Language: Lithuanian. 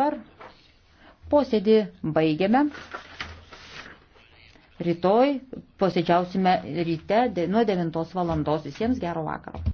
Dabar posėdį baigiame. Rytoj posėdžiausime ryte nuo 9 valandos. Visiems gero vakaro.